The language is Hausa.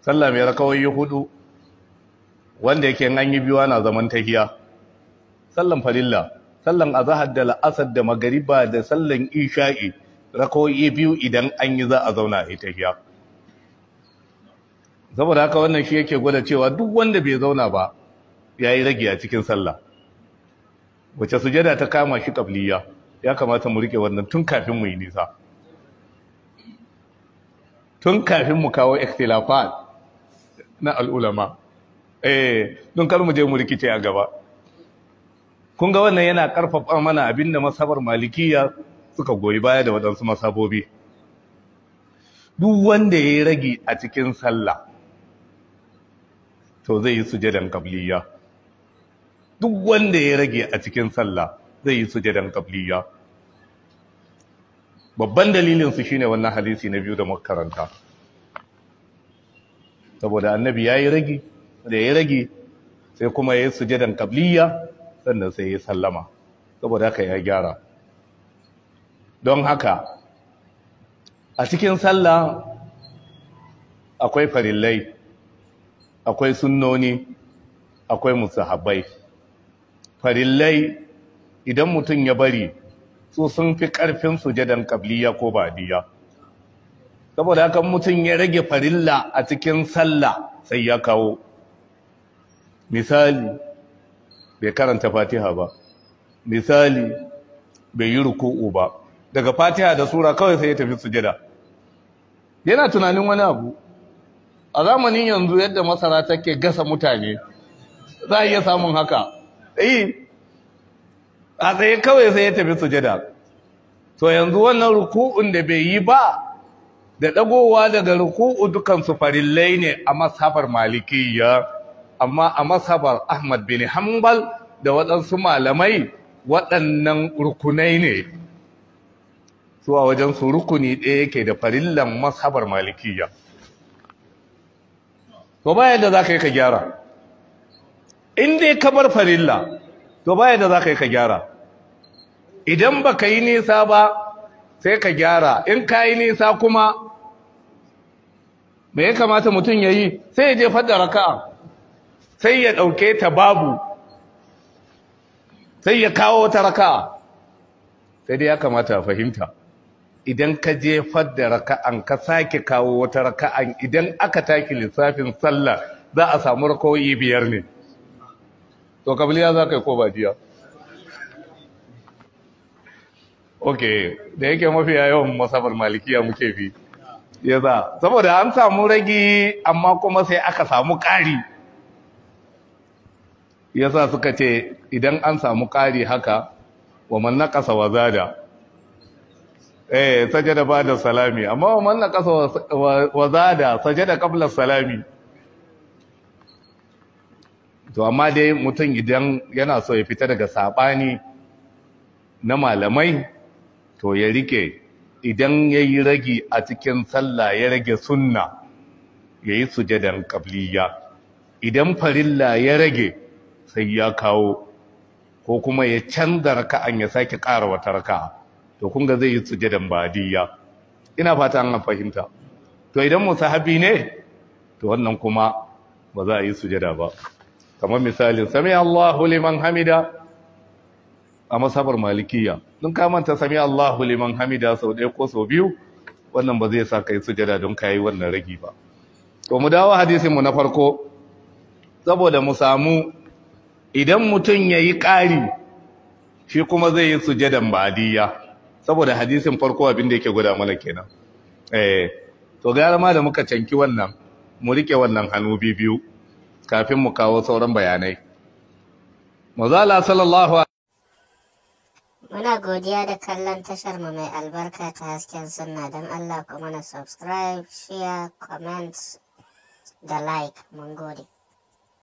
sallah mai rakawai hudu wanda yake an yi biyuwa na zaman tahiya sallan farilla sallan azahar da la'asar da magariba da sallan isha'i rakawai biyu idan an yi za a zauna a tahiya saboda haka wannan shi yake gwada cewa duk wanda bai zauna ba ya yi rage a cikin sallah wace sujada ta kama shi kabliya ya kamata mu rike wannan tun kafin mu yi nisa tun kafin mu kawo ikhtilafat na al'ulama eh don kar mu je mu rikice a gaba kun ga wannan yana ƙarfafa mana abinda da masabar malikiya suka goyi baya da waɗansu masabobi duk wanda ya yi ragi a cikin sallah to zai yi sujadan kabliya duk wanda ya yi ragi a cikin sallah zai yi sujadan kabliya babban dalilinsu su shine wannan hadisi na biyu da makaranta. saboda annabi ya yi ragi da ya ragi sai kuma ya yi sujadan kabliya sannan sai ya yi sallama saboda haka ya gyara don haka a cikin sallah akwai farillai akwai sunnoni akwai musahabai farillai idan mutum ya bari su sun fi ƙarfin sujadan kabliya ko badiya saboda haka mutum ya rage farilla a cikin sallah sai ya kawo misali bai karanta fatiha ba misali bai yi ruku'u ba daga fatiha da sura kawai sai ya tafi sujada yana tunanin wani abu a zamanin yanzu yadda masara take gasa mutane za a iya samun haka eh a tsaye kawai sai ya tafi sujada to yanzu wannan ruku'un da bai yi ba da dagowa daga ruku'u dukansu farillai ne a mashabar malikiyya amma a mashabar ahmad bin hanbal da waɗansu malamai waɗannan rukunai ne su a su rukuni ɗaya yake da farillan mashabar malikiyya to baya da za ka yi ka gyara in dai ka bar farilla to baya da za ka yi ka gyara idan ba ka yi nisa ba sai ka gyara in ka yi nisa kuma me ya kamata mutum ya yi sai ya je da raka'a sai ya ɗauke ta babu sai ya kawo ta raka'a sai dai ya kamata a fahimta idan ka je da raka'an ka sake kawo wata raka'an idan aka taki lissafin sallah za a samu rakawoyi biyar ne to kabiliya za ka yi ko ba jiya ok da yake mafi yawan masabar malikiya muke fi ya za saboda an samu ragi amma kuma sai aka samu ƙari ya sa suka ce idan an samu ƙari haka wa manna ƙasa wa zada eh sajada ba da salami amma wa manna ƙasa wa zada sajada ƙablar salami to amma dai mutum idan yana so ya fita daga saɓani na malamai to ya rike idan ya yi ragi a cikin sallah ya rage sunna ya yi sujadan ƙabliya idan farilla ya rage sai ya kawo ko kuma ya canza raka'an ya sake ƙara wata raka'a to kunga zai yi sujadan badiya ina fata an fahimta to idan musahabi ne to wannan kuma ba za a yi sujada ba kamar misalin sami Allahu liman hamida a masabar malikiya don kamanta sami Allahu liman hamida sau ɗaya ko sau biyu wannan ba zai sa ka yi sujada don ka yi wannan ragi ba to mu dawo hadisin mu na farko saboda mu samu idan mutum ya yi ƙari shi kuma zai yi sujadan badiya saboda hadisin farko abin da yake guda mana kenan eh to gara ma da muka canki wannan mu rike wannan hannu biyu kafin mu kawo sauran bayanai mazala sallallahu Muna godiya da kallon tashar mu mai albarka ta hasken sunna don Allah ku na subscribe, share, comment da like. Mun gode.